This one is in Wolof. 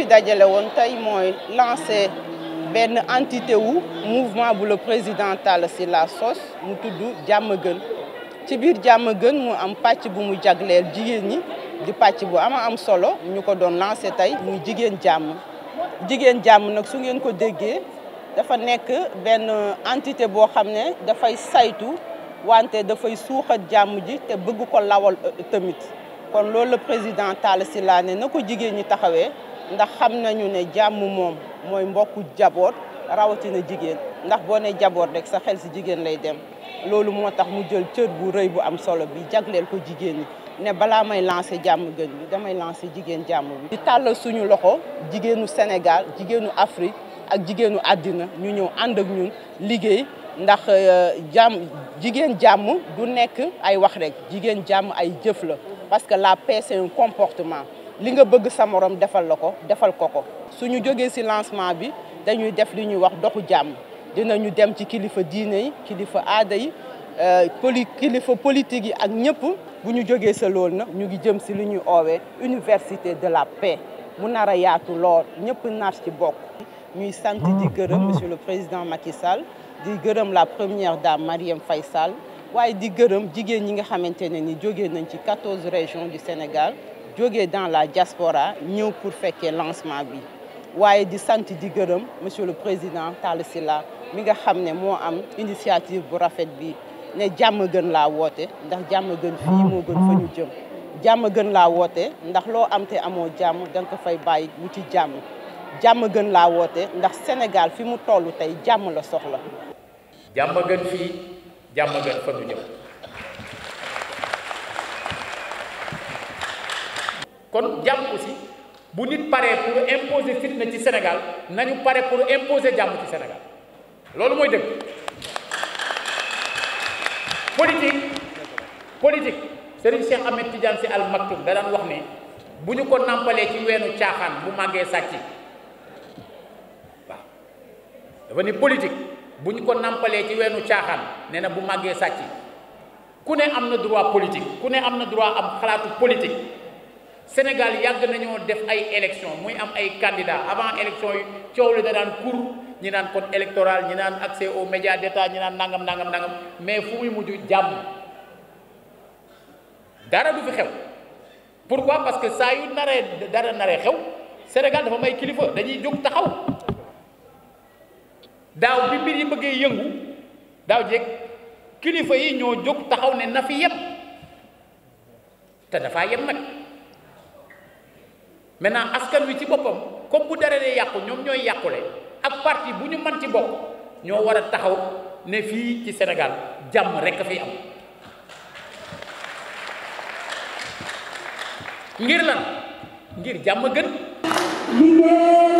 fi dajale woon tey mooy lancé benn entité wu mouvement bu le président Talla la sos mu tudd jàmm gën ci biir jàmm gën mu am pàcc bu mu jagleel jigéen ñi di pàcc bu ama am solo ñu ko doon lancé tey muy jigéen jàmm jigéen jàmm nag su ngeen ko déggee dafa nekk benn entité boo xam ne dafay saytu wante dafay suuxat jàmm ji te bëgg ko lawal tamit kon loolu la président Talla Sylla ne na ko jigéen ñi taxawee ndax xam nañu ne jàmm moom mooy mbokku jaboot rawatina jigéen ndax boo ne jaboot rek sa xel si jigéen lay dem loolu moo tax mu jël cër bu rëy bu am solo bi jagleel ko jigéen ñi ne balaa may lancé jàmm gën bi damay lancé jigéen jàmm bi di tàll suñu loxo jigéenu Sénégal jigéenu Afrique ak jigéenu àddina ñu ñëw ànd ak ñun liggéey ndax euh, jàmm jigéen jàmm du nekk ay wax rek jigéen jàmm ay jëf la parce que la paix c'est un comportement li nga bëgg sa morom defal la ko defal ko ko suñu jógee ci lancement bi dañuy def li ñuy wax doxu jàmm dinañu dem ci kilifa diine yi kilifa aada yi euh, poli kilifa politique yi ak ñëpp bu ñu jógee sa lool nag ñu ngi jëm si li ñuy oowee université de la paix mu nar a yaatu lool ñëpp nar ci bokk ñuy sant di gërëm monsieur le président Macky Sall di gërëm la première dame Marième Faye Sall waaye di gërëm jigéen ñi nga xamante ne ni jógee nañ ci quatorze régions du Sénégal jóge dans la jaspora ñëw pour fekkee lancement bi waaye di sant di gërëm monsieur le président Talla Sylla mi nga xam ne moo am initiative bu rafet bi ne jàmm gën laa woote ndax jàmm gën fii moo gën fa ñu jëm jàmm gën laa woote ndax loo am amoo jàmm da ko fay bàyyi wuti jàmm jàmm gën laa woote ndax Sénégal fi mu toll tey jàmm la soxla jàmm gën fii jàmm gën fa ñu jëm kon jàmm aussi bu nit paree pour imposer fitna ci Sénégal nañu pare pour imposer jàmm ci Sénégal loolu mooy dëgg politique politique Serigne Cheikh Ahmed si Sy Al Maktoum da daan wax ne bu ñu ko nàmpalee ci weenu caaxaan bu màggee sàcc waaw dafa ni politique bu ñu ko nàmpalee ci weenu caaxaan nee na bu màggee sàcc ku ne am na droit politique ku ne am na droit am xalaatu politique Sénégal yàgg nañoo def ay élection muy am ay candidats avant élection yi coow li da daan kur ñi naan code électoral ñi naan accès aux médias d'État ñi naan nangam nangam nangam mais fu muy mujj jàmm dara du fi xew pourquoi parce que saa yu naree dara naree xew Sénégal dafa may kilifa dañuy jóg taxaw daaw bi mbir yi bëggee yëngu daaw jeeg kilifa yi ñoo jóg taxaw ne na fi yem te dafa yem nag maintenant askan wi ci boppam comme bu dara dee yàqu ñoom ñooy yàqule ak parti bu ñu mën ci bokk ñoo war a taxaw ne fii ci senegal jàmm rekk fi am ngir lan ngir jàmm gën.